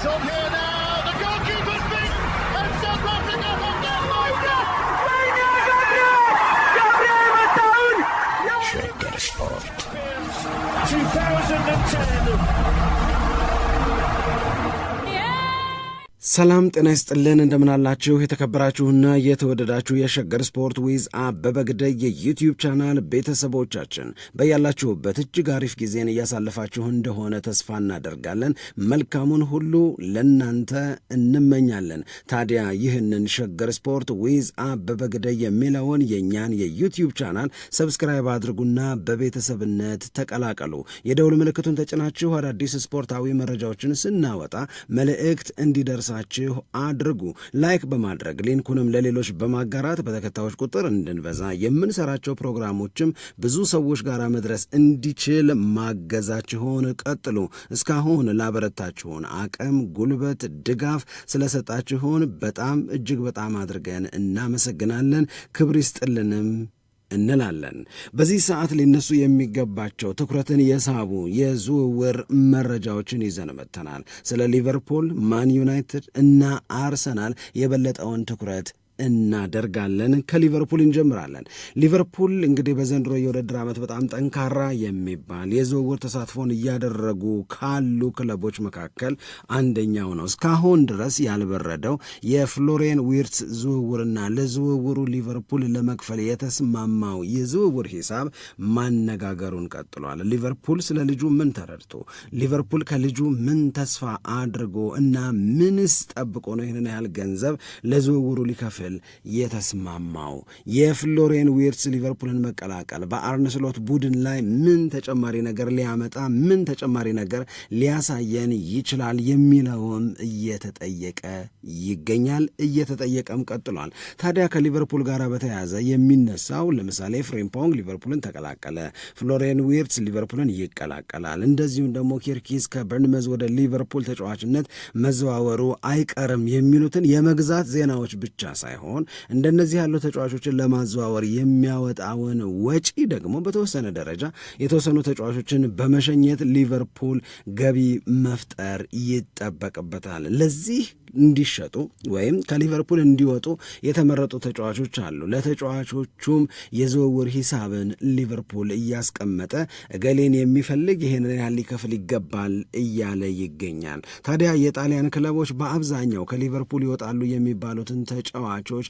It's on here. ሰላም ጤና ይስጥልን እንደምናላችሁ የተከበራችሁና የተወደዳችሁ የሸገር ስፖርት ዊዝ አበበ ግደይ የዩትዩብ ቻናል ቤተሰቦቻችን በያላችሁበት እጅግ አሪፍ ጊዜን እያሳለፋችሁ እንደሆነ ተስፋ እናደርጋለን። መልካሙን ሁሉ ለናንተ እንመኛለን። ታዲያ ይህንን ሸገር ስፖርት ዊዝ አበበ ግደይ የሚለውን የእኛን የዩትዩብ ቻናል ሰብስክራይብ አድርጉና በቤተሰብነት ተቀላቀሉ። የደውል ምልክቱን ተጭናችሁ አዳዲስ ስፖርታዊ መረጃዎችን ስናወጣ መልእክት እንዲደርሳ ። እንዲደርሳችሁ አድርጉ። ላይክ በማድረግ ሊንኩንም ለሌሎች በማጋራት በተከታዮች ቁጥር እንድንበዛ የምንሰራቸው ፕሮግራሞችም ብዙ ሰዎች ጋር መድረስ እንዲችል ማገዛችሁን ቀጥሉ። እስካሁን ላበረታችሁን አቅም፣ ጉልበት፣ ድጋፍ ስለሰጣችሁን በጣም እጅግ በጣም አድርገን እናመሰግናለን። ክብር ይስጥልንም እንላለን። በዚህ ሰዓት ሊነሱ የሚገባቸው ትኩረትን የሳቡ የዝውውር መረጃዎችን ይዘን መጥተናል። ስለ ሊቨርፑል፣ ማን ዩናይትድ እና አርሰናል የበለጠውን ትኩረት እናደርጋለን። ከሊቨርፑል እንጀምራለን። ሊቨርፑል እንግዲህ በዘንድሮ የውድድር ዓመት በጣም ጠንካራ የሚባል የዝውውር ተሳትፎን እያደረጉ ካሉ ክለቦች መካከል አንደኛው ነው። እስካሁን ድረስ ያልበረደው የፍሎሬን ዊርትስ ዝውውርና ለዝውውሩ ሊቨርፑል ለመክፈል የተስማማው የዝውውር ሂሳብ ማነጋገሩን ቀጥሏል። ሊቨርፑል ስለ ልጁ ምን ተረድቶ፣ ሊቨርፑል ከልጁ ምን ተስፋ አድርጎ እና ምንስ ጠብቆ ነው ይህንን ያህል ገንዘብ ለዝውውሩ ሊከፍል ክፍል የተስማማው የፍሎሬን ዊርትስ ሊቨርፑልን መቀላቀል በአርንስሎት ቡድን ላይ ምን ተጨማሪ ነገር ሊያመጣ ምን ተጨማሪ ነገር ሊያሳየን ይችላል የሚለውም እየተጠየቀ ይገኛል፣ እየተጠየቀም ቀጥሏል። ታዲያ ከሊቨርፑል ጋር በተያያዘ የሚነሳው ለምሳሌ ፍሬምፖንግ ሊቨርፑልን ተቀላቀለ፣ ፍሎሬን ዊርትስ ሊቨርፑልን ይቀላቀላል፣ እንደዚሁም ደግሞ ኪርኪዝ ከበርንመዝ ወደ ሊቨርፑል ተጫዋችነት መዘዋወሩ አይቀርም የሚሉትን የመግዛት ዜናዎች ብቻ ሳይሆን ሳይሆን እንደነዚህ ያሉ ተጫዋቾችን ለማዘዋወር የሚያወጣውን ወጪ ደግሞ በተወሰነ ደረጃ የተወሰኑ ተጫዋቾችን በመሸኘት ሊቨርፑል ገቢ መፍጠር ይጠበቅበታል። ለዚህ እንዲሸጡ ወይም ከሊቨርፑል እንዲወጡ የተመረጡ ተጫዋቾች አሉ። ለተጫዋቾቹም የዝውውር ሂሳብን ሊቨርፑል እያስቀመጠ እገሌን የሚፈልግ ይህንን ያህል ሊከፍል ይገባል እያለ ይገኛል። ታዲያ የጣሊያን ክለቦች በአብዛኛው ከሊቨርፑል ይወጣሉ የሚባሉትን ተጫዋቾች ተጫዋቾች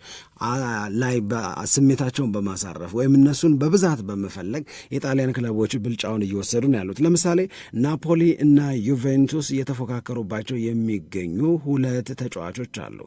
ላይ ስሜታቸውን በማሳረፍ ወይም እነሱን በብዛት በመፈለግ የጣሊያን ክለቦች ብልጫውን እየወሰዱ ነው ያሉት። ለምሳሌ ናፖሊ እና ዩቬንቱስ እየተፎካከሩባቸው የሚገኙ ሁለት ተጫዋቾች አሉ።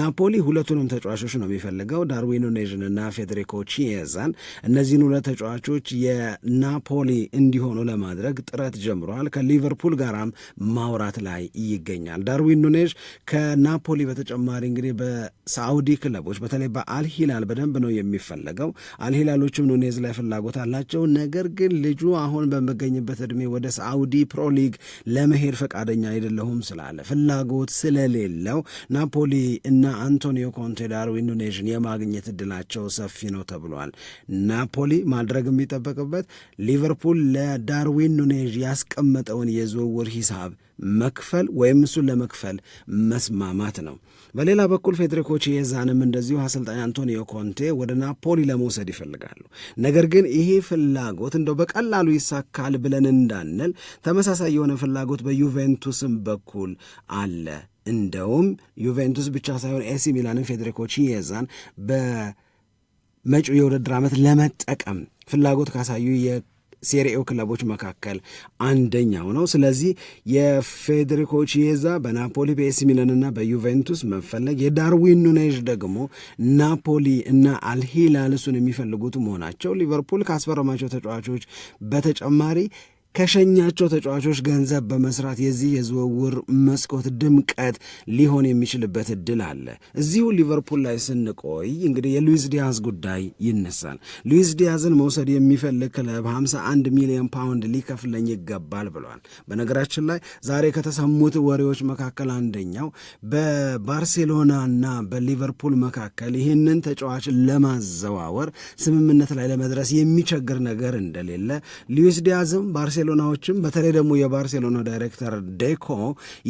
ናፖሊ ሁለቱንም ተጫዋቾች ነው የሚፈልገው፣ ዳርዊን ኑኔዥን እና ፌዴሪኮ ቺየዛን። እነዚህን ሁለት ተጫዋቾች የናፖሊ እንዲሆኑ ለማድረግ ጥረት ጀምረዋል። ከሊቨርፑል ጋራም ማውራት ላይ ይገኛል። ዳርዊን ኑኔዥ ከናፖሊ በተጨማሪ እንግዲህ በሳዑዲ ክለብ ክለቦች በተለይ በአልሂላል በደንብ ነው የሚፈለገው። አልሂላሎችም ኑኔዝ ላይ ፍላጎት አላቸው። ነገር ግን ልጁ አሁን በሚገኝበት እድሜ ወደ ሳዑዲ ፕሮ ሊግ ለመሄድ ፈቃደኛ አይደለሁም ስላለ ፍላጎት ስለሌለው ናፖሊ እና አንቶኒዮ ኮንቴ ዳርዊን ኑኔዥን የማግኘት እድላቸው ሰፊ ነው ተብሏል። ናፖሊ ማድረግ የሚጠበቅበት ሊቨርፑል ለዳርዊን ኑኔዥ ያስቀመጠውን የዝውውር ሂሳብ መክፈል ወይም እሱን ለመክፈል መስማማት ነው። በሌላ በኩል ፌዴሪኮ ቺዬዛንም እንደዚሁ አሰልጣኝ አንቶኒዮ ኮንቴ ወደ ናፖሊ ለመውሰድ ይፈልጋሉ። ነገር ግን ይሄ ፍላጎት እንደው በቀላሉ ይሳካል ብለን እንዳንል ተመሳሳይ የሆነ ፍላጎት በዩቬንቱስም በኩል አለ። እንደውም ዩቬንቱስ ብቻ ሳይሆን ኤሲ ሚላንን ፌዴሪኮ ቺዬዛን በመጪው የውድድር ዓመት ለመጠቀም ፍላጎት ካሳዩ ሴሪኤው ክለቦች መካከል አንደኛው ነው። ስለዚህ የፌዴሪኮ ቺዬዛ በናፖሊ በኤሲ ሚላንና በዩቬንቱስ መፈለግ የዳርዊን ኑኔዥ ደግሞ ናፖሊ እና አልሂላል እሱን የሚፈልጉት መሆናቸው ሊቨርፑል ካስፈረማቸው ተጫዋቾች በተጨማሪ ከሸኛቸው ተጫዋቾች ገንዘብ በመስራት የዚህ የዝውውር መስኮት ድምቀት ሊሆን የሚችልበት እድል አለ። እዚሁ ሊቨርፑል ላይ ስንቆይ እንግዲህ የሉዊስ ዲያዝ ጉዳይ ይነሳል። ሉዊስ ዲያዝን መውሰድ የሚፈልግ ክለብ 51 ሚሊዮን ፓውንድ ሊከፍለኝ ይገባል ብለዋል። በነገራችን ላይ ዛሬ ከተሰሙት ወሬዎች መካከል አንደኛው በባርሴሎናና በሊቨርፑል መካከል ይህንን ተጫዋች ለማዘዋወር ስምምነት ላይ ለመድረስ የሚቸግር ነገር እንደሌለ ሉዊስ ዲያዝም ባርሴሎናዎችም በተለይ ደግሞ የባርሴሎና ዳይሬክተር ዴኮ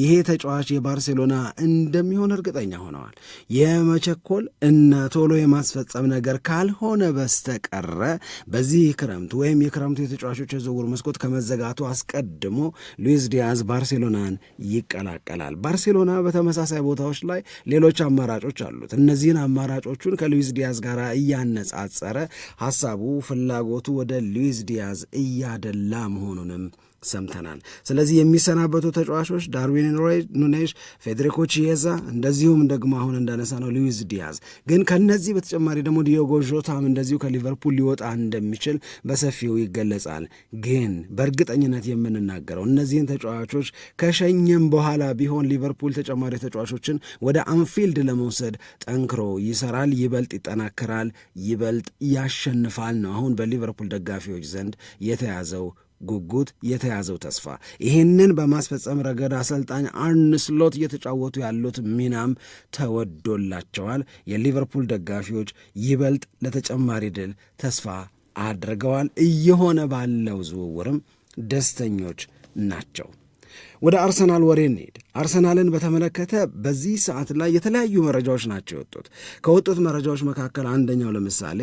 ይሄ ተጫዋች የባርሴሎና እንደሚሆን እርግጠኛ ሆነዋል። የመቸኮል እና ቶሎ የማስፈጸም ነገር ካልሆነ በስተቀረ በዚህ ክረምት ወይም የክረምቱ የተጫዋቾች የዝውውር መስኮት ከመዘጋቱ አስቀድሞ ሉዊስ ዲያዝ ባርሴሎናን ይቀላቀላል። ባርሴሎና በተመሳሳይ ቦታዎች ላይ ሌሎች አማራጮች አሉት። እነዚህን አማራጮቹን ከሉዊስ ዲያዝ ጋር እያነጻጸረ ሀሳቡ፣ ፍላጎቱ ወደ ሉዊስ ዲያዝ እያደላ መሆኑ መሆኑንም ሰምተናል። ስለዚህ የሚሰናበቱ ተጫዋቾች ዳርዊን ኑኔሽ፣ ፌዴሪኮ ቺዬዛ እንደዚሁም ደግሞ አሁን እንዳነሳ ነው ሉዊዝ ዲያዝ። ግን ከነዚህ በተጨማሪ ደግሞ ዲዮጎ ዦታም እንደዚሁ ከሊቨርፑል ሊወጣ እንደሚችል በሰፊው ይገለጻል። ግን በእርግጠኝነት የምንናገረው እነዚህን ተጫዋቾች ከሸኘም በኋላ ቢሆን ሊቨርፑል ተጨማሪ ተጫዋቾችን ወደ አንፊልድ ለመውሰድ ጠንክሮ ይሰራል፣ ይበልጥ ይጠናከራል፣ ይበልጥ ያሸንፋል ነው አሁን በሊቨርፑል ደጋፊዎች ዘንድ የተያዘው ጉጉት፣ የተያዘው ተስፋ ይህንን በማስፈጸም ረገድ አሰልጣኝ አርን ስሎት እየተጫወቱ ያሉት ሚናም ተወዶላቸዋል። የሊቨርፑል ደጋፊዎች ይበልጥ ለተጨማሪ ድል ተስፋ አድርገዋል። እየሆነ ባለው ዝውውርም ደስተኞች ናቸው። ወደ አርሰናል ወሬ እንሄድ። አርሰናልን በተመለከተ በዚህ ሰዓት ላይ የተለያዩ መረጃዎች ናቸው የወጡት። ከወጡት መረጃዎች መካከል አንደኛው ለምሳሌ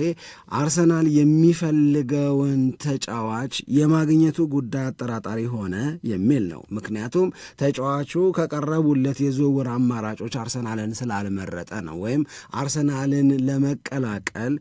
አርሰናል የሚፈልገውን ተጫዋች የማግኘቱ ጉዳይ አጠራጣሪ ሆነ የሚል ነው። ምክንያቱም ተጫዋቹ ከቀረቡለት የዝውውር አማራጮች አርሰናልን ስላልመረጠ ነው፣ ወይም አርሰናልን ለመቀላቀል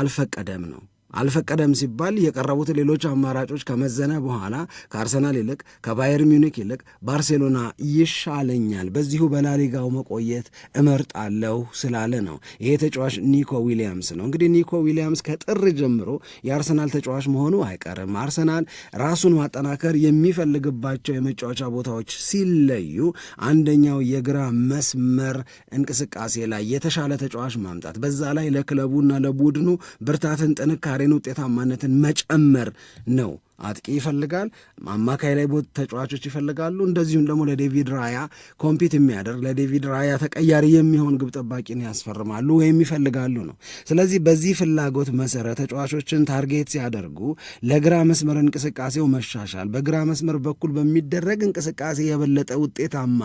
አልፈቀደም ነው። አልፈቀደም ሲባል የቀረቡት ሌሎች አማራጮች ከመዘነ በኋላ ከአርሰናል ይልቅ ከባየር ሚኒክ ይልቅ ባርሴሎና ይሻለኛል፣ በዚሁ በላሊጋው መቆየት እመርጣለሁ ስላለ ነው። ይሄ ተጫዋች ኒኮ ዊሊያምስ ነው። እንግዲህ ኒኮ ዊሊያምስ ከጥር ጀምሮ የአርሰናል ተጫዋች መሆኑ አይቀርም። አርሰናል ራሱን ማጠናከር የሚፈልግባቸው የመጫወቻ ቦታዎች ሲለዩ፣ አንደኛው የግራ መስመር እንቅስቃሴ ላይ የተሻለ ተጫዋች ማምጣት፣ በዛ ላይ ለክለቡና ለቡድኑ ብርታትን ጥንካሬ የዛሬን ውጤታማነትን መጨመር ነው። አጥቂ ይፈልጋል፣ አማካይ ላይ ተጫዋቾች ይፈልጋሉ። እንደዚሁም ደግሞ ለዴቪድ ራያ ኮምፒት የሚያደርግ ለዴቪድ ራያ ተቀያሪ የሚሆን ግብ ጠባቂን ያስፈርማሉ ወይም ይፈልጋሉ ነው። ስለዚህ በዚህ ፍላጎት መሰረት ተጫዋቾችን ታርጌት ሲያደርጉ ለግራ መስመር እንቅስቃሴው መሻሻል፣ በግራ መስመር በኩል በሚደረግ እንቅስቃሴ የበለጠ ውጤታማ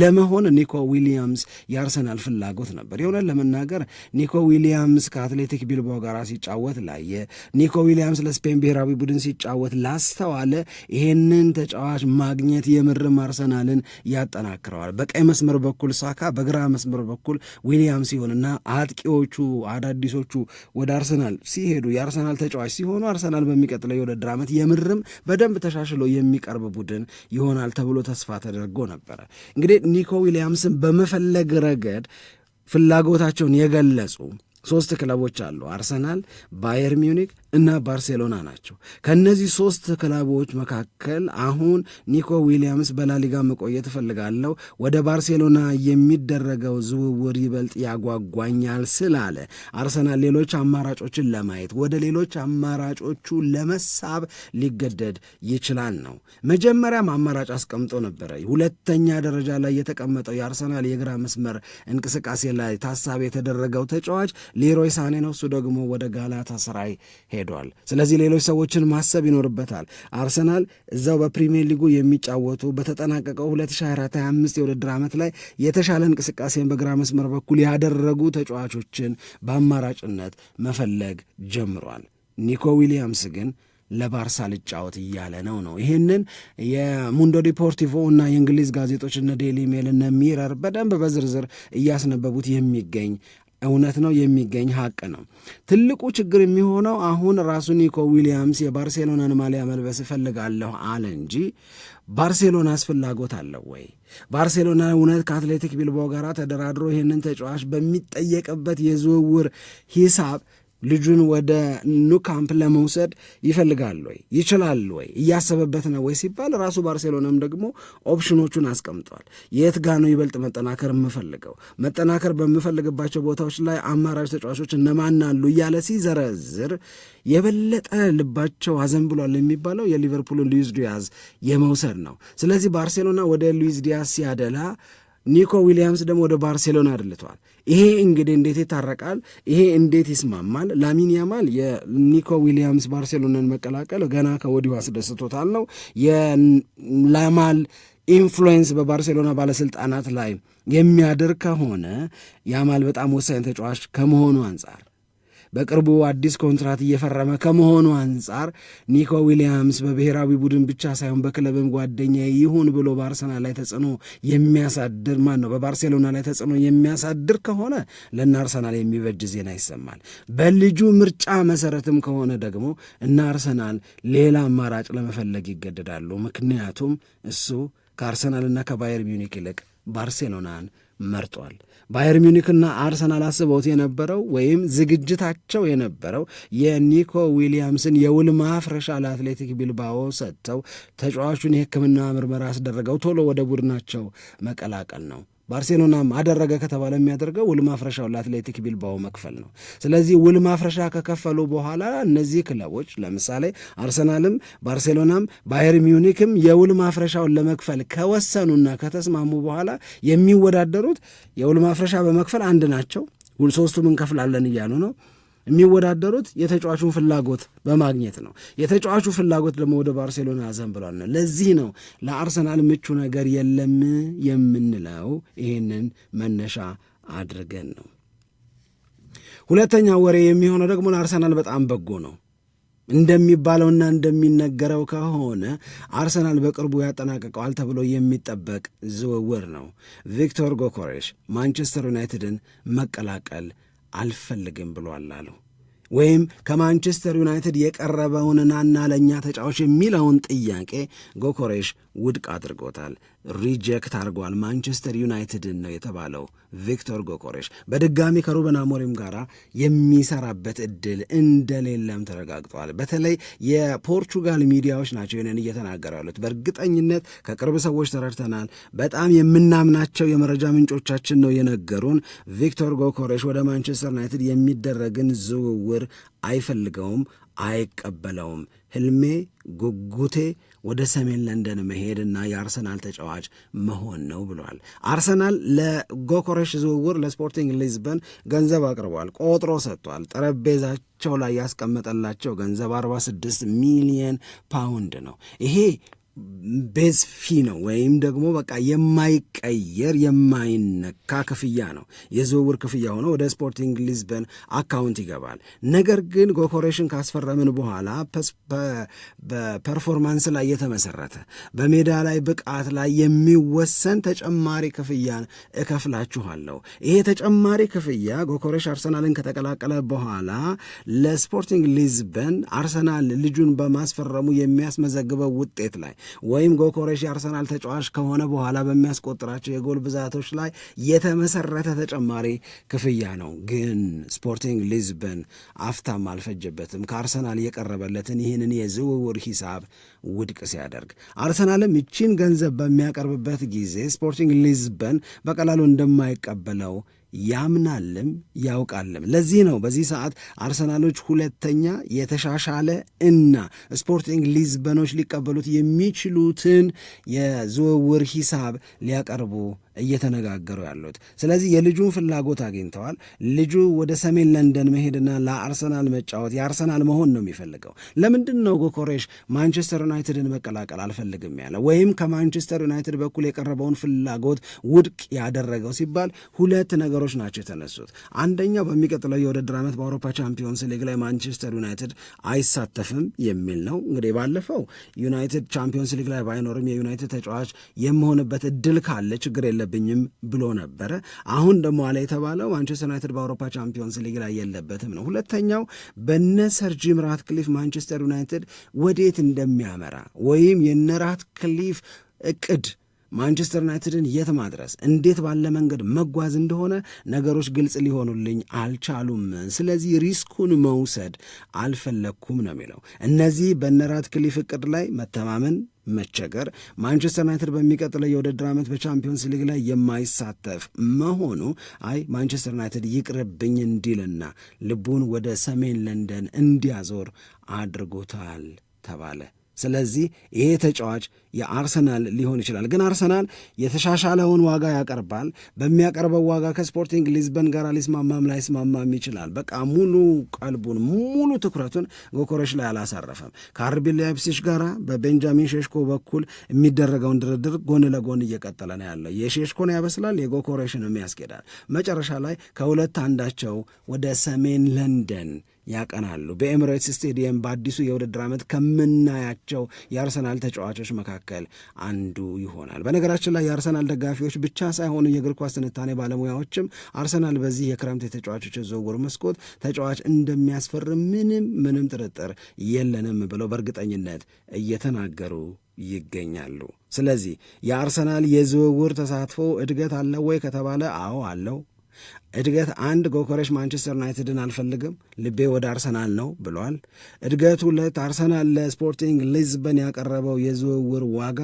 ለመሆን ኒኮ ዊሊያምስ የአርሰናል ፍላጎት ነበር። የሆነ ለመናገር ኒኮ ዊሊያምስ ከአትሌቲክ ቢልባው ጋር ሲጫወት ላየ ኒኮ ዊሊያምስ ለስፔን ብሔራዊ ቡድን ሲጫወት ፍላጎት ላስተዋለ ይሄንን ተጫዋች ማግኘት የምርም አርሰናልን ያጠናክረዋል። በቀይ መስመር በኩል ሳካ፣ በግራ መስመር በኩል ዊሊያም ሲሆንና አጥቂዎቹ አዳዲሶቹ ወደ አርሰናል ሲሄዱ የአርሰናል ተጫዋች ሲሆኑ አርሰናል በሚቀጥለው የውድድር ዓመት የምርም በደንብ ተሻሽሎ የሚቀርብ ቡድን ይሆናል ተብሎ ተስፋ ተደርጎ ነበረ። እንግዲህ ኒኮ ዊሊያምስን በመፈለግ ረገድ ፍላጎታቸውን የገለጹ ሶስት ክለቦች አሉ። አርሰናል፣ ባየር ሚውኒክ እና ባርሴሎና ናቸው። ከእነዚህ ሶስት ክለቦች መካከል አሁን ኒኮ ዊሊያምስ በላሊጋ መቆየት እፈልጋለሁ፣ ወደ ባርሴሎና የሚደረገው ዝውውር ይበልጥ ያጓጓኛል ስላለ አርሰናል ሌሎች አማራጮችን ለማየት ወደ ሌሎች አማራጮቹ ለመሳብ ሊገደድ ይችላል ነው። መጀመሪያም አማራጭ አስቀምጦ ነበረ። ሁለተኛ ደረጃ ላይ የተቀመጠው የአርሰናል የግራ መስመር እንቅስቃሴ ላይ ታሳቢ የተደረገው ተጫዋች ሌሮይ ሳኔ ነው። እሱ ደግሞ ወደ ጋላታ ሰራይ ሄዷል። ስለዚህ ሌሎች ሰዎችን ማሰብ ይኖርበታል። አርሰናል እዛው በፕሪሚየር ሊጉ የሚጫወቱ በተጠናቀቀው 2024/25 የውድድር ዓመት ላይ የተሻለ እንቅስቃሴን በግራ መስመር በኩል ያደረጉ ተጫዋቾችን በአማራጭነት መፈለግ ጀምሯል። ኒኮ ዊሊያምስ ግን ለባርሳ ልጫወት እያለ ነው ነው ይህንን የሙንዶ ዲፖርቲቮ እና የእንግሊዝ ጋዜጦች እነ ዴሊ ሜል እነ ሚረር በደንብ በዝርዝር እያስነበቡት የሚገኝ እውነት ነው፣ የሚገኝ ሀቅ ነው። ትልቁ ችግር የሚሆነው አሁን ራሱ ኒኮ ዊሊያምስ የባርሴሎናን ማሊያ መልበስ እፈልጋለሁ አለ እንጂ ባርሴሎናስ ፍላጎት አለው ወይ? ባርሴሎና እውነት ከአትሌቲክ ቢልባኦ ጋር ተደራድሮ ይህንን ተጫዋች በሚጠየቅበት የዝውውር ሂሳብ ልጁን ወደ ኑካምፕ ለመውሰድ ይፈልጋል ወይ ይችላል ወይ እያሰበበት ነው ወይ ሲባል ራሱ ባርሴሎናም ደግሞ ኦፕሽኖቹን አስቀምጧል። የት ጋ ነው ይበልጥ መጠናከር የምፈልገው፣ መጠናከር በምፈልግባቸው ቦታዎች ላይ አማራጭ ተጫዋቾች እነማን አሉ እያለ ሲዘረዝር የበለጠ ልባቸው አዘን ብሏል የሚባለው የሊቨርፑልን ሉዊስ ዲያዝ የመውሰድ ነው። ስለዚህ ባርሴሎና ወደ ሉዊስ ዲያዝ ሲያደላ ኒኮ ዊሊያምስ ደግሞ ወደ ባርሴሎና አድልተዋል። ይሄ እንግዲህ እንዴት ይታረቃል? ይሄ እንዴት ይስማማል? ላሚን ያማል የኒኮ ዊሊያምስ ባርሴሎናን መቀላቀል ገና ከወዲሁ አስደስቶታል ነው የላማል ኢንፍሉዌንስ በባርሴሎና ባለስልጣናት ላይ የሚያደርግ ከሆነ ያማል በጣም ወሳኝ ተጫዋች ከመሆኑ አንጻር በቅርቡ አዲስ ኮንትራት እየፈረመ ከመሆኑ አንጻር ኒኮ ዊሊያምስ በብሔራዊ ቡድን ብቻ ሳይሆን በክለብም ጓደኛ ይሁን ብሎ በአርሰናል ላይ ተጽዕኖ የሚያሳድር ማን ነው በባርሴሎና ላይ ተጽዕኖ የሚያሳድር ከሆነ ለእነ አርሰናል የሚበጅ ዜና ይሰማል። በልጁ ምርጫ መሰረትም ከሆነ ደግሞ እነ አርሰናል ሌላ አማራጭ ለመፈለግ ይገደዳሉ። ምክንያቱም እሱ ከአርሰናልና ከባየር ሚኒክ ይልቅ ባርሴሎናን መርጧል። ባየር ሚኒክና አርሰናል አስበውት የነበረው ወይም ዝግጅታቸው የነበረው የኒኮ ዊሊያምስን የውል ማፍረሻ ለአትሌቲክ ቢልባኦ ሰጥተው ተጫዋቹን የሕክምና ምርመራ አስደረገው ቶሎ ወደ ቡድናቸው መቀላቀል ነው። ባርሴሎናም አደረገ ከተባለ የሚያደርገው ውል ማፍረሻው ለአትሌቲክ ቢልባኦ መክፈል ነው። ስለዚህ ውል ማፍረሻ ከከፈሉ በኋላ እነዚህ ክለቦች ለምሳሌ አርሰናልም፣ ባርሴሎናም፣ ባየር ሚዩኒክም የውል ማፍረሻውን ለመክፈል ከወሰኑና ከተስማሙ በኋላ የሚወዳደሩት የውል ማፍረሻ በመክፈል አንድ ናቸው። ሶስቱም እንከፍላለን እያሉ ነው። የሚወዳደሩት የተጫዋቹን ፍላጎት በማግኘት ነው። የተጫዋቹ ፍላጎት ደግሞ ወደ ባርሴሎና አዘንብሏል ነው። ለዚህ ነው ለአርሰናል ምቹ ነገር የለም የምንለው ይህንን መነሻ አድርገን ነው። ሁለተኛ ወሬ የሚሆነው ደግሞ ለአርሰናል በጣም በጎ ነው። እንደሚባለውና እንደሚነገረው ከሆነ አርሰናል በቅርቡ ያጠናቅቀዋል ተብሎ የሚጠበቅ ዝውውር ነው። ቪክቶር ጎኮሬሽ ማንቸስተር ዩናይትድን መቀላቀል አልፈልግም ብሏል አሉ። ወይም ከማንቸስተር ዩናይትድ የቀረበውን ናና ለእኛ ተጫዋች የሚለውን ጥያቄ ጎኮሬሽ ውድቅ አድርጎታል። ሪጀክት አድርጓል። ማንቸስተር ዩናይትድን ነው የተባለው። ቪክቶር ጎኮሬሽ በድጋሚ ከሩበን አሞሪም ጋር የሚሰራበት እድል እንደሌለም ተረጋግጧል። በተለይ የፖርቹጋል ሚዲያዎች ናቸው ይህንን እየተናገሩ ያሉት። በእርግጠኝነት ከቅርብ ሰዎች ተረድተናል። በጣም የምናምናቸው የመረጃ ምንጮቻችን ነው የነገሩን። ቪክቶር ጎኮሬሽ ወደ ማንቸስተር ዩናይትድ የሚደረግን ዝውውር አይፈልገውም፣ አይቀበለውም ህልሜ፣ ጉጉቴ ወደ ሰሜን ለንደን መሄድና የአርሰናል ተጫዋች መሆን ነው ብሏል። አርሰናል ለጎኮሬሽ ዝውውር ለስፖርቲንግ ሊዝበን ገንዘብ አቅርቧል፣ ቆጥሮ ሰጥቷል። ጠረጴዛቸው ላይ ያስቀመጠላቸው ገንዘብ 46 ሚሊየን ፓውንድ ነው። ይሄ ቤዝፊ ነው ወይም ደግሞ በቃ የማይቀየር የማይነካ ክፍያ ነው። የዝውውር ክፍያ ሆኖ ወደ ስፖርቲንግ ሊዝበን አካውንት ይገባል። ነገር ግን ኮርፖሬሽን ካስፈረምን በኋላ በፐርፎርማንስ ላይ የተመሰረተ በሜዳ ላይ ብቃት ላይ የሚወሰን ተጨማሪ ክፍያን እከፍላችኋለሁ። ይሄ ተጨማሪ ክፍያ ጎኮሬሽ አርሰናልን ከተቀላቀለ በኋላ ለስፖርቲንግ ሊዝበን አርሰናል ልጁን በማስፈረሙ የሚያስመዘግበው ውጤት ላይ ወይም ጎኮሬሽ የአርሰናል ተጫዋች ከሆነ በኋላ በሚያስቆጥራቸው የጎል ብዛቶች ላይ የተመሰረተ ተጨማሪ ክፍያ ነው። ግን ስፖርቲንግ ሊዝበን አፍታም አልፈጀበትም ከአርሰናል የቀረበለትን ይህንን የዝውውር ሂሳብ ውድቅ ሲያደርግ፣ አርሰናልም ይቺን ገንዘብ በሚያቀርብበት ጊዜ ስፖርቲንግ ሊዝበን በቀላሉ እንደማይቀበለው ያምናልም ያውቃልም። ለዚህ ነው በዚህ ሰዓት አርሰናሎች ሁለተኛ የተሻሻለ እና ስፖርቲንግ ሊዝበኖች ሊቀበሉት የሚችሉትን የዝውውር ሂሳብ ሊያቀርቡ እየተነጋገሩ ያሉት። ስለዚህ የልጁን ፍላጎት አግኝተዋል። ልጁ ወደ ሰሜን ለንደን መሄድና ለአርሰናል መጫወት የአርሰናል መሆን ነው የሚፈልገው። ለምንድን ነው ጎኮሬሽ ማንቸስተር ዩናይትድን መቀላቀል አልፈልግም ያለ ወይም ከማንቸስተር ዩናይትድ በኩል የቀረበውን ፍላጎት ውድቅ ያደረገው ሲባል ሁለት ነገሮች ናቸው የተነሱት። አንደኛው በሚቀጥለው የውድድር ዓመት በአውሮፓ ቻምፒዮንስ ሊግ ላይ ማንቸስተር ዩናይትድ አይሳተፍም የሚል ነው። እንግዲህ ባለፈው ዩናይትድ ቻምፒዮንስ ሊግ ላይ ባይኖርም የዩናይትድ ተጫዋች የምሆንበት እድል ካለ ችግር የለም የለብኝም ብሎ ነበረ። አሁን ደግሞ አለ የተባለው ማንቸስተር ዩናይትድ በአውሮፓ ቻምፒዮንስ ሊግ ላይ የለበትም ነው። ሁለተኛው በነ ሰር ጂም ራትክሊፍ ማንቸስተር ዩናይትድ ወዴት እንደሚያመራ ወይም የነ ራትክሊፍ እቅድ ማንቸስተር ዩናይትድን የት ማድረስ እንዴት ባለ መንገድ መጓዝ እንደሆነ ነገሮች ግልጽ ሊሆኑልኝ አልቻሉም። ስለዚህ ሪስኩን መውሰድ አልፈለግኩም ነው የሚለው። እነዚህ ክሊፍ እቅድ ላይ መተማመን መቸገር ማንቸስተር ዩናይትድ በሚቀጥለው የውድድር ዓመት በቻምፒዮንስ ሊግ ላይ የማይሳተፍ መሆኑ አይ ማንቸስተር ዩናይትድ ይቅርብኝ እንዲልና ልቡን ወደ ሰሜን ለንደን እንዲያዞር አድርጎታል ተባለ። ስለዚህ ይሄ ተጫዋች የአርሰናል ሊሆን ይችላል። ግን አርሰናል የተሻሻለውን ዋጋ ያቀርባል። በሚያቀርበው ዋጋ ከስፖርቲንግ ሊዝበን ጋር ሊስማማም ላይስማማም ይችላል። በቃ ሙሉ ቀልቡን ሙሉ ትኩረቱን ጎኮረሽ ላይ አላሳረፈም። ከአርቢ ላይፕሲሽ ጋር በቤንጃሚን ሼሽኮ በኩል የሚደረገውን ድርድር ጎን ለጎን እየቀጠለ ነው ያለው። የሼሽኮን ያበስላል፣ የጎኮሬሽንም ያስኬዳል። መጨረሻ ላይ ከሁለት አንዳቸው ወደ ሰሜን ለንደን ያቀናሉ። በኤምሬትስ ስቴዲየም በአዲሱ የውድድር ዓመት ከምናያቸው የአርሰናል ተጫዋቾች መካከል አንዱ ይሆናል። በነገራችን ላይ የአርሰናል ደጋፊዎች ብቻ ሳይሆኑ የእግር ኳስ ትንታኔ ባለሙያዎችም አርሰናል በዚህ የክረምት የተጫዋቾች ዝውውር መስኮት ተጫዋች እንደሚያስፈር ምንም ምንም ጥርጥር የለንም ብለው በእርግጠኝነት እየተናገሩ ይገኛሉ። ስለዚህ የአርሰናል የዝውውር ተሳትፎ እድገት አለው ወይ ከተባለ አዎ አለው እድገት አንድ ጎኮሬሽ ማንቸስተር ዩናይትድን አልፈልግም፣ ልቤ ወደ አርሰናል ነው ብሏል። እድገት ሁለት አርሰናል ለስፖርቲንግ ሊዝበን ያቀረበው የዝውውር ዋጋ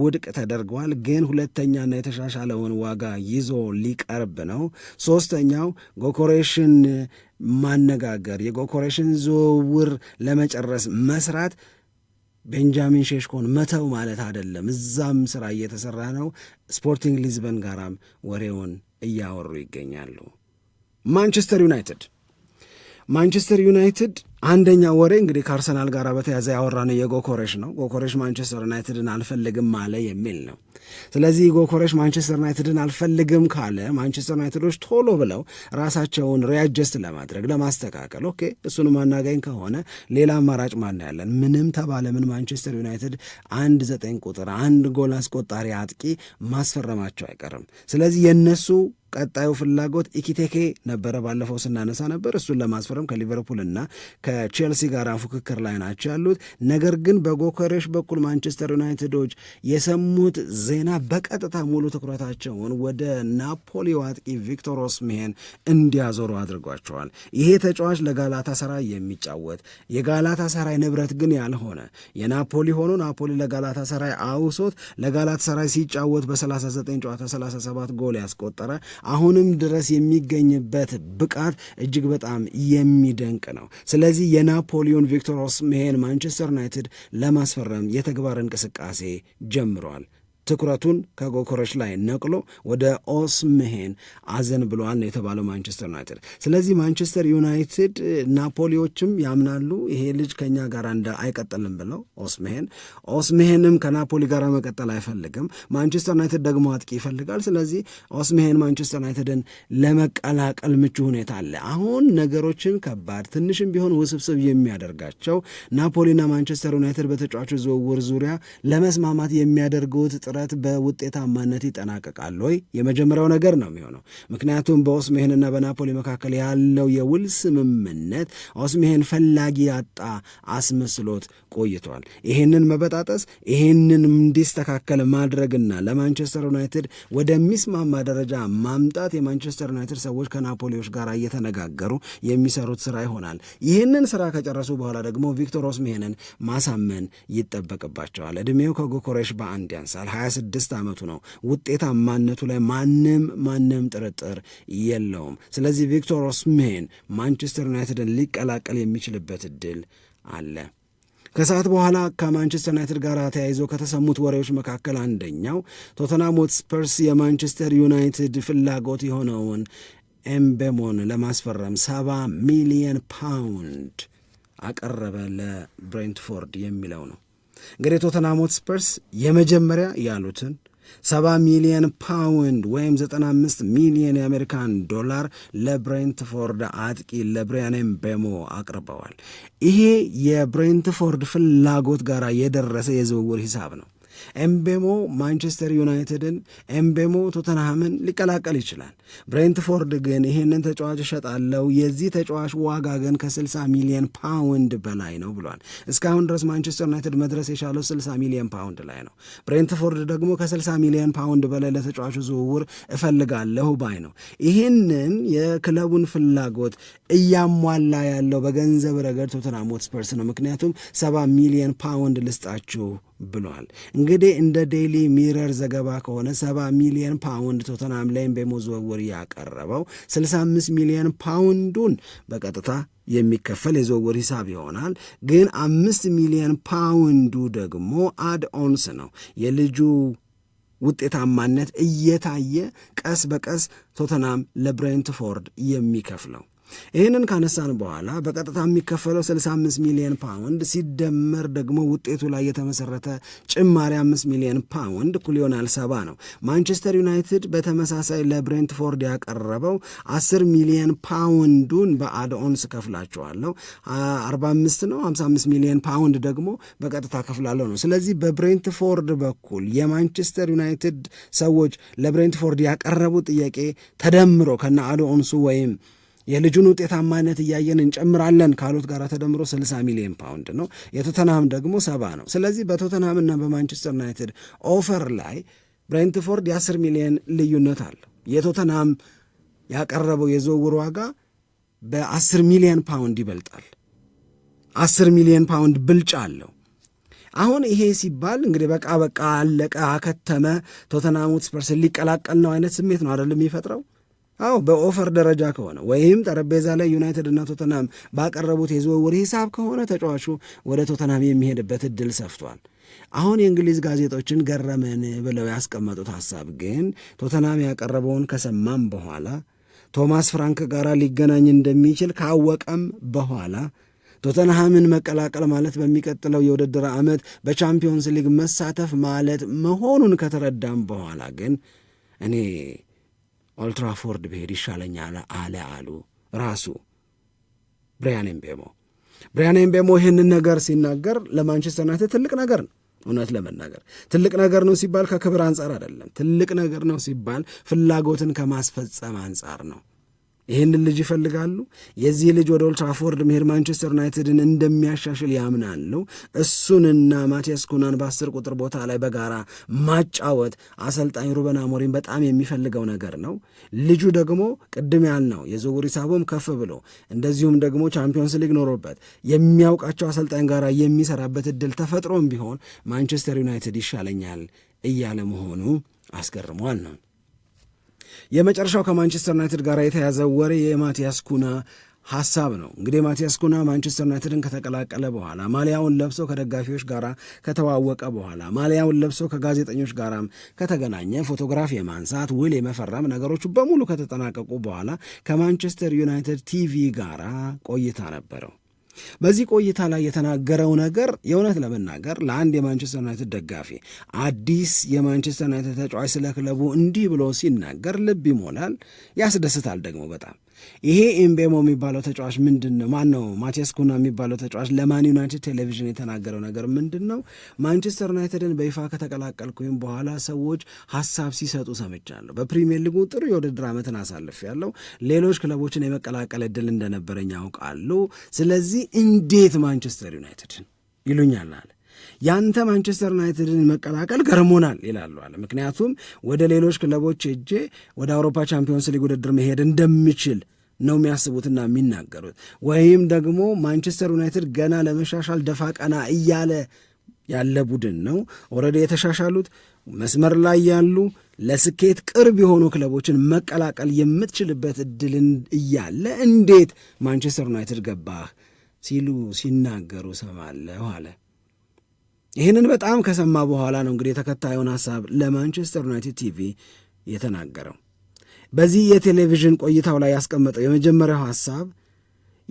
ውድቅ ተደርጓል፣ ግን ሁለተኛና የተሻሻለውን ዋጋ ይዞ ሊቀርብ ነው። ሶስተኛው ጎኮሬሽን ማነጋገር፣ የጎኮሬሽን ዝውውር ለመጨረስ መስራት ቤንጃሚን ሼሽኮን መተው ማለት አይደለም። እዛም ስራ እየተሰራ ነው። ስፖርቲንግ ሊዝበን ጋራም ወሬውን እያወሩ ይገኛሉ። ማንቸስተር ዩናይትድ ማንቸስተር ዩናይትድ አንደኛ ወሬ እንግዲህ ከአርሰናል ጋር በተያዘ ያወራነው የጎኮሬሽ ነው። ጎኮሬሽ ማንቸስተር ዩናይትድን አልፈልግም አለ የሚል ነው። ስለዚህ ጎኮሬሽ ማንቸስተር ዩናይትድን አልፈልግም ካለ ማንቸስተር ዩናይትዶች ቶሎ ብለው ራሳቸውን ሪያጀስት ለማድረግ ለማስተካከል፣ ኦኬ እሱን አናገኝ ከሆነ ሌላ አማራጭ ማን ያለን? ምንም ተባለ ምን ማንቸስተር ዩናይትድ አንድ ዘጠኝ ቁጥር አንድ ጎል አስቆጣሪ አጥቂ ማስፈረማቸው አይቀርም። ስለዚህ የነሱ ቀጣዩ ፍላጎት ኢኪቴኬ ነበረ፣ ባለፈው ስናነሳ ነበር። እሱን ለማስፈረም ከሊቨርፑልና ከቼልሲ ጋር ፉክክር ላይ ናቸው ያሉት። ነገር ግን በጎከሬሽ በኩል ማንቸስተር ዩናይትዶች የሰሙት ዜና በቀጥታ ሙሉ ትኩረታቸውን ወደ ናፖሊ አጥቂ ቪክቶር ኦስሜሄን እንዲያዞሩ አድርጓቸዋል። ይሄ ተጫዋች ለጋላታ ሰራይ የሚጫወት የጋላታ ሰራይ ንብረት ግን ያልሆነ የናፖሊ ሆኖ ናፖሊ ለጋላታ ሰራይ አውሶት ለጋላታ ሰራይ ሲጫወት በ39 ጨዋታ 37 ጎል ያስቆጠረ አሁንም ድረስ የሚገኝበት ብቃት እጅግ በጣም የሚደንቅ ነው። ስለዚህ ስለዚህ የናፖሊዮን ቪክቶር ኦስሜሄን ማንቸስተር ዩናይትድ ለማስፈረም የተግባር እንቅስቃሴ ጀምረዋል። ትኩረቱን ከጎኮረሽ ላይ ነቅሎ ወደ ኦስምሄን አዘን ብሏል የተባለው ማንቸስተር ዩናይትድ። ስለዚህ ማንቸስተር ዩናይትድ ናፖሊዎችም ያምናሉ ይሄ ልጅ ከኛ ጋር እንደ አይቀጥልም ብለው ኦስምሄን ኦስምሄንም ከናፖሊ ጋር መቀጠል አይፈልግም። ማንቸስተር ዩናይትድ ደግሞ አጥቂ ይፈልጋል። ስለዚህ ኦስምሄን ማንቸስተር ዩናይትድን ለመቀላቀል ምቹ ሁኔታ አለ። አሁን ነገሮችን ከባድ ትንሽም ቢሆን ውስብስብ የሚያደርጋቸው ናፖሊና ማንቸስተር ዩናይትድ በተጫዋቾች ዝውውር ዙሪያ ለመስማማት የሚያደርጉት ጥረት በውጤታማነት ይጠናቀቃል ወይ የመጀመሪያው ነገር ነው የሚሆነው። ምክንያቱም በኦስሜሄንና በናፖሊ መካከል ያለው የውል ስምምነት ኦስሜሄን ፈላጊ ያጣ አስመስሎት ቆይቷል። ይሄንን መበጣጠስ ይሄንን እንዲስተካከል ማድረግና ለማንቸስተር ዩናይትድ ወደሚስማማ ደረጃ ማምጣት የማንቸስተር ዩናይትድ ሰዎች ከናፖሊዎች ጋር እየተነጋገሩ የሚሰሩት ስራ ይሆናል። ይህንን ስራ ከጨረሱ በኋላ ደግሞ ቪክቶር ኦስሜሄንን ማሳመን ይጠበቅባቸዋል። እድሜው ከጎኮሬሽ በአንድ ያንሳል። 26 ዓመቱ ነው። ውጤታማነቱ ላይ ማንም ማንም ጥርጥር የለውም። ስለዚህ ቪክቶር ኦስሜን ማንቸስተር ዩናይትድን ሊቀላቀል የሚችልበት እድል አለ። ከሰዓት በኋላ ከማንቸስተር ዩናይትድ ጋር ተያይዞ ከተሰሙት ወሬዎች መካከል አንደኛው ቶተናም ሆትስፐርስ የማንቸስተር ዩናይትድ ፍላጎት የሆነውን ኤምቤሞን ለማስፈረም ሰባ ሚሊየን ፓውንድ አቀረበ ለብሬንትፎርድ የሚለው ነው። እንግዲህ ቶተናም ሆትስፐርስ የመጀመሪያ ያሉትን 70 ሚሊየን ፓውንድ ወይም 95 ሚሊየን የአሜሪካን ዶላር ለብሬንትፎርድ አጥቂ ለብሪያን ምቤሞ አቅርበዋል። ይሄ የብሬንትፎርድ ፍላጎት ጋር የደረሰ የዝውውር ሂሳብ ነው። ኤምቤሞ ማንቸስተር ዩናይትድን፣ ኤምቤሞ ቶተንሃምን ሊቀላቀል ይችላል። ብሬንትፎርድ ግን ይህንን ተጫዋች እሸጣለሁ፣ የዚህ ተጫዋች ዋጋ ግን ከ60 ሚሊዮን ፓውንድ በላይ ነው ብሏል። እስካሁን ድረስ ማንቸስተር ዩናይትድ መድረስ የቻለው 60 ሚሊዮን ፓውንድ ላይ ነው። ብሬንትፎርድ ደግሞ ከ60 ሚሊዮን ፓውንድ በላይ ለተጫዋቹ ዝውውር እፈልጋለሁ ባይ ነው። ይህንን የክለቡን ፍላጎት እያሟላ ያለው በገንዘብ ረገድ ቶተንሃም ሆትስፐርስ ነው። ምክንያቱም ሰባ ሚሊዮን ፓውንድ ልስጣችሁ ብለዋል። እንግዲህ እንደ ዴይሊ ሚረር ዘገባ ከሆነ 70 ሚሊዮን ፓውንድ ቶተናም ላይ ዝውውር ያቀረበው 65 ሚሊዮን ፓውንዱን በቀጥታ የሚከፈል የዝውውር ሂሳብ ይሆናል። ግን አምስት ሚሊዮን ፓውንዱ ደግሞ አድ ኦንስ ነው የልጁ ውጤታማነት እየታየ ቀስ በቀስ ቶተናም ለብሬንትፎርድ የሚከፍለው ይህንን ካነሳን በኋላ በቀጥታ የሚከፈለው 65 ሚሊዮን ፓውንድ ሲደመር ደግሞ ውጤቱ ላይ የተመሰረተ ጭማሪ 5 ሚሊዮን ፓውንድ እኩል ይሆናል ሰባ ነው። ማንቸስተር ዩናይትድ በተመሳሳይ ለብሬንትፎርድ ያቀረበው 10 ሚሊዮን ፓውንዱን በአድኦንስ ከፍላቸዋለሁ 45 ነው 55 ሚሊዮን ፓውንድ ደግሞ በቀጥታ ከፍላለሁ ነው። ስለዚህ በብሬንትፎርድ በኩል የማንቸስተር ዩናይትድ ሰዎች ለብሬንትፎርድ ያቀረቡ ጥያቄ ተደምሮ ከነ አድኦንሱ ወይም የልጁን ውጤታማነት እያየን እንጨምራለን ካሉት ጋር ተደምሮ 60 ሚሊዮን ፓውንድ ነው። የቶተንሃም ደግሞ ሰባ ነው። ስለዚህ በቶተንሃምና በማንቸስተር ዩናይትድ ኦፈር ላይ ብሬንትፎርድ የ10 ሚሊዮን ልዩነት አለው። የቶተንሃም ያቀረበው የዝውውር ዋጋ በ10 ሚሊዮን ፓውንድ ይበልጣል። 10 ሚሊዮን ፓውንድ ብልጫ አለው። አሁን ይሄ ሲባል እንግዲህ በቃ በቃ አለቀ፣ አከተመ፣ ቶተንሃም ሆትስፐርስን ሊቀላቀል ነው አይነት ስሜት ነው አይደለም የሚፈጥረው። አዎ በኦፈር ደረጃ ከሆነ ወይም ጠረጴዛ ላይ ዩናይትድ እና ቶተናም ባቀረቡት የዝውውር ሂሳብ ከሆነ ተጫዋቹ ወደ ቶተናም የሚሄድበት እድል ሰፍቷል። አሁን የእንግሊዝ ጋዜጦችን ገረመን ብለው ያስቀመጡት ሀሳብ ግን ቶተናም ያቀረበውን ከሰማም በኋላ ቶማስ ፍራንክ ጋር ሊገናኝ እንደሚችል ካወቀም በኋላ ቶተንሃምን መቀላቀል ማለት በሚቀጥለው የውድድር ዓመት በቻምፒዮንስ ሊግ መሳተፍ ማለት መሆኑን ከተረዳም በኋላ ግን እኔ ኦልትራፎርድ ብሄድ ይሻለኛል አለ አሉ ራሱ ብሪያን ኤምቤሞ። ብሪያን ኤምቤሞ ይህንን ነገር ሲናገር ለማንቸስተር ዩናይትድ ትልቅ ነገር ነው። እውነት ለመናገር ትልቅ ነገር ነው ሲባል ከክብር አንጻር አይደለም። ትልቅ ነገር ነው ሲባል ፍላጎትን ከማስፈጸም አንጻር ነው። ይህንን ልጅ ይፈልጋሉ። የዚህ ልጅ ወደ ኦልትራፎርድ መሄድ ማንቸስተር ዩናይትድን እንደሚያሻሽል ያምናሉ። እሱንና ማቲያስ ኩናን በአስር ቁጥር ቦታ ላይ በጋራ ማጫወት አሰልጣኝ ሩበን ሞሪን በጣም የሚፈልገው ነገር ነው። ልጁ ደግሞ ቅድም ያልነው የዝውውር ሂሳቡም ከፍ ብሎ እንደዚሁም ደግሞ ቻምፒዮንስ ሊግ ኖሮበት የሚያውቃቸው አሰልጣኝ ጋር የሚሰራበት እድል ተፈጥሮም ቢሆን ማንቸስተር ዩናይትድ ይሻለኛል እያለ መሆኑ አስገርሟል ነው የመጨረሻው ከማንቸስተር ዩናይትድ ጋር የተያዘ ወሬ የማቲያስ ኩና ሀሳብ ነው። እንግዲህ ማቲያስ ኩና ማንቸስተር ዩናይትድን ከተቀላቀለ በኋላ ማሊያውን ለብሶ ከደጋፊዎች ጋር ከተዋወቀ በኋላ ማሊያውን ለብሶ ከጋዜጠኞች ጋራም ከተገናኘ ፎቶግራፍ የማንሳት ውል የመፈረም ነገሮቹ በሙሉ ከተጠናቀቁ በኋላ ከማንቸስተር ዩናይትድ ቲቪ ጋር ቆይታ ነበረው። በዚህ ቆይታ ላይ የተናገረው ነገር የእውነት ለመናገር ለአንድ የማንቸስተር ዩናይትድ ደጋፊ አዲስ የማንቸስተር ዩናይትድ ተጫዋች ስለ ክለቡ እንዲህ ብሎ ሲናገር ልብ ይሞላል፣ ያስደስታል ደግሞ በጣም ይሄ ኤምቤሞ የሚባለው ተጫዋች ምንድን ነው? ማን ነው ማቴስ ኩና የሚባለው ተጫዋች ለማን ዩናይትድ ቴሌቪዥን የተናገረው ነገር ምንድን ነው? ማንቸስተር ዩናይትድን በይፋ ከተቀላቀልኩኝ በኋላ ሰዎች ሀሳብ ሲሰጡ ሰምቻለሁ። በፕሪሚየር ሊጉ ጥሩ የውድድር ዓመትን ያለው ሌሎች ክለቦችን የመቀላቀል እድል እንደነበረኝ ያውቃሉ። ስለዚህ እንዴት ማንቸስተር ዩናይትድን ይሉኛል አለ ያንተ ማንቸስተር ዩናይትድን መቀላቀል ገርሞናል ይላሉ አለ። ምክንያቱም ወደ ሌሎች ክለቦች እጄ ወደ አውሮፓ ቻምፒዮንስ ሊግ ውድድር መሄድ እንደምችል ነው የሚያስቡትና የሚናገሩት። ወይም ደግሞ ማንቸስተር ዩናይትድ ገና ለመሻሻል ደፋ ቀና እያለ ያለ ቡድን ነው። ኦልሬዲ የተሻሻሉት መስመር ላይ ያሉ ለስኬት ቅርብ የሆኑ ክለቦችን መቀላቀል የምትችልበት እድል እያለ እንዴት ማንቸስተር ዩናይትድ ገባህ ሲሉ ሲናገሩ ሰማለሁ አለ። ይህንን በጣም ከሰማ በኋላ ነው እንግዲህ የተከታዩን ሀሳብ ለማንቸስተር ዩናይትድ ቲቪ የተናገረው። በዚህ የቴሌቪዥን ቆይታው ላይ ያስቀመጠው የመጀመሪያው ሀሳብ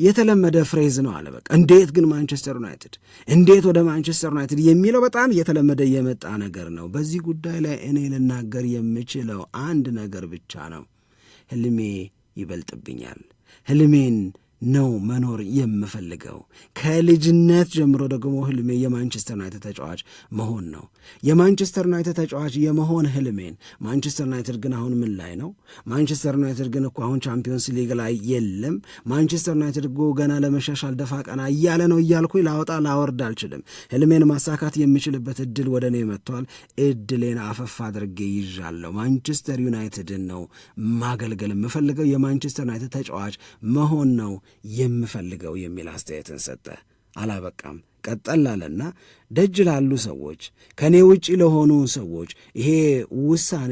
የተለመደ ፍሬዝ ነው አለ። በቃ እንዴት ግን ማንቸስተር ዩናይትድ እንዴት ወደ ማንቸስተር ዩናይትድ የሚለው በጣም እየተለመደ የመጣ ነገር ነው። በዚህ ጉዳይ ላይ እኔ ልናገር የምችለው አንድ ነገር ብቻ ነው። ህልሜ ይበልጥብኛል። ህልሜን ነው መኖር የምፈልገው። ከልጅነት ጀምሮ ደግሞ ህልሜ የማንቸስተር ዩናይትድ ተጫዋች መሆን ነው። የማንቸስተር ዩናይትድ ተጫዋች የመሆን ህልሜን ማንቸስተር ዩናይትድ ግን አሁን ምን ላይ ነው? ማንቸስተር ዩናይትድ ግን እኮ አሁን ቻምፒዮንስ ሊግ ላይ የለም። ማንቸስተር ዩናይትድ ጎ ገና ለመሻሻል ደፋ ቀና እያለ ነው እያልኩ ላወጣ ላወርድ አልችልም። ህልሜን ማሳካት የምችልበት እድል ወደ እኔ መጥቷል። እድሌን አፈፍ አድርጌ ይዣለሁ። ማንቸስተር ዩናይትድን ነው ማገልገል የምፈልገው። የማንቸስተር ዩናይትድ ተጫዋች መሆን ነው የምፈልገው የሚል አስተያየትን ሰጠ። አላበቃም፣ ቀጠል አለና ደጅ ላሉ ሰዎች፣ ከእኔ ውጪ ለሆኑ ሰዎች ይሄ ውሳኔ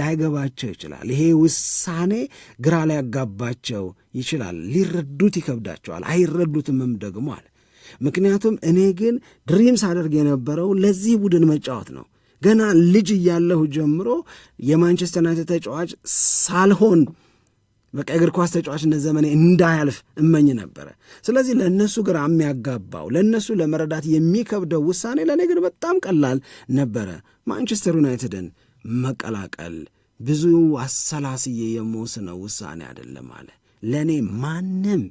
ላይገባቸው ይችላል። ይሄ ውሳኔ ግራ ሊያጋባቸው ይችላል። ሊረዱት ይከብዳቸዋል። አይረዱትምም ደግሞ አለ። ምክንያቱም እኔ ግን ድሪም ሳደርግ የነበረው ለዚህ ቡድን መጫወት ነው። ገና ልጅ እያለሁ ጀምሮ የማንቸስተር ዩናይትድ ተጫዋች ሳልሆን በቃ እግር ኳስ ተጫዋችነት ዘመኔ እንዳያልፍ እመኝ ነበረ። ስለዚህ ለእነሱ ግራ የሚያጋባው ለእነሱ ለመረዳት የሚከብደው ውሳኔ ለእኔ ግን በጣም ቀላል ነበረ። ማንቸስተር ዩናይትድን መቀላቀል ብዙ አሰላስዬ የምወስነው ውሳኔ አይደለም አለ። ለእኔ ማንም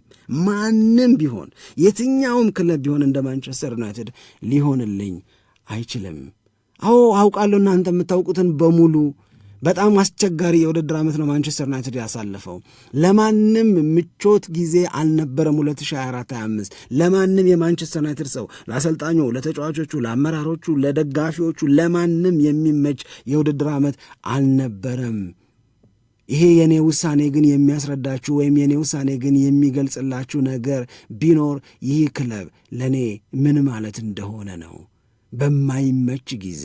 ማንም ቢሆን የትኛውም ክለብ ቢሆን እንደ ማንቸስተር ዩናይትድ ሊሆንልኝ አይችልም። አዎ አውቃለሁ እናንተ የምታውቁትን በሙሉ በጣም አስቸጋሪ የውድድር ዓመት ነው ማንቸስተር ዩናይትድ ያሳለፈው። ለማንም ምቾት ጊዜ አልነበረም 2024/25 ለማንም የማንቸስተር ዩናይትድ ሰው፣ ለአሰልጣኙ፣ ለተጫዋቾቹ፣ ለአመራሮቹ፣ ለደጋፊዎቹ ለማንም የሚመች የውድድር ዓመት አልነበረም። ይሄ የኔ ውሳኔ ግን የሚያስረዳችሁ ወይም የኔ ውሳኔ ግን የሚገልጽላችሁ ነገር ቢኖር ይህ ክለብ ለእኔ ምን ማለት እንደሆነ ነው። በማይመች ጊዜ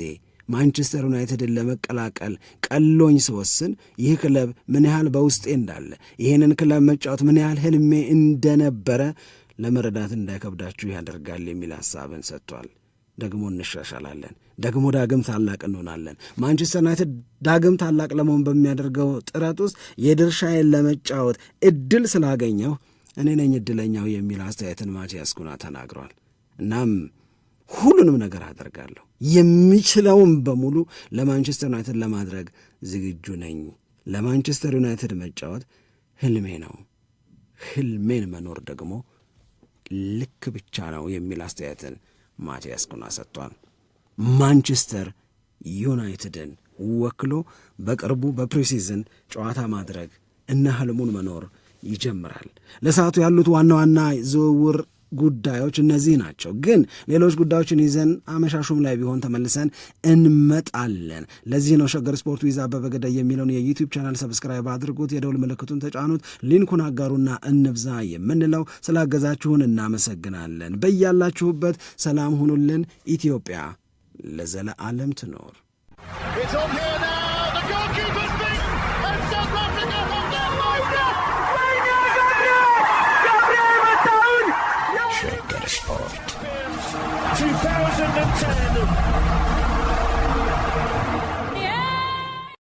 ማንቸስተር ዩናይትድን ለመቀላቀል ቀሎኝ ስወስን ይህ ክለብ ምን ያህል በውስጤ እንዳለ ይህንን ክለብ መጫወት ምን ያህል ህልሜ እንደነበረ ለመረዳት እንዳይከብዳችሁ ያደርጋል የሚል ሀሳብን ሰጥቷል። ደግሞ እንሻሻላለን፣ ደግሞ ዳግም ታላቅ እንሆናለን። ማንቸስተር ዩናይትድ ዳግም ታላቅ ለመሆን በሚያደርገው ጥረት ውስጥ የድርሻዬን ለመጫወት እድል ስላገኘው እኔ ነኝ እድለኛው የሚል አስተያየትን ማቲያስ ኩና ተናግሯል። እናም ሁሉንም ነገር አደርጋለሁ የሚችለውን በሙሉ ለማንቸስተር ዩናይትድ ለማድረግ ዝግጁ ነኝ። ለማንቸስተር ዩናይትድ መጫወት ህልሜ ነው። ህልሜን መኖር ደግሞ ልክ ብቻ ነው የሚል አስተያየትን ማቲያስ ኩና ሰጥቷል። ማንቸስተር ዩናይትድን ወክሎ በቅርቡ በፕሪሲዝን ጨዋታ ማድረግ እና ህልሙን መኖር ይጀምራል። ለሰዓቱ ያሉት ዋና ዋና ዝውውር ጉዳዮች እነዚህ ናቸው። ግን ሌሎች ጉዳዮችን ይዘን አመሻሹም ላይ ቢሆን ተመልሰን እንመጣለን። ለዚህ ነው ሸገር ስፖርት ዊዛ አበበ የሚለውን የዩቲዩብ ቻናል ሰብስክራይብ አድርጉት፣ የደውል ምልክቱን ተጫኑት፣ ሊንኩን አጋሩና እንብዛ የምንለው ስላገዛችሁን እናመሰግናለን። በያላችሁበት ሰላም ሁኑልን። ኢትዮጵያ ለዘለዓለም ትኖር።